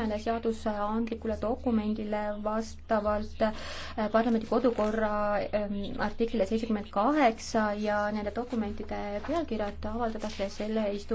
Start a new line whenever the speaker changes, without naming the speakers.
ühele seadusandlikule dokumendile vastavalt äh, parlamendi kodukorra ähm, artiklile seitsekümmend kaheksa ja nende dokumentide pealkirjad
avaldatakse selle istu-.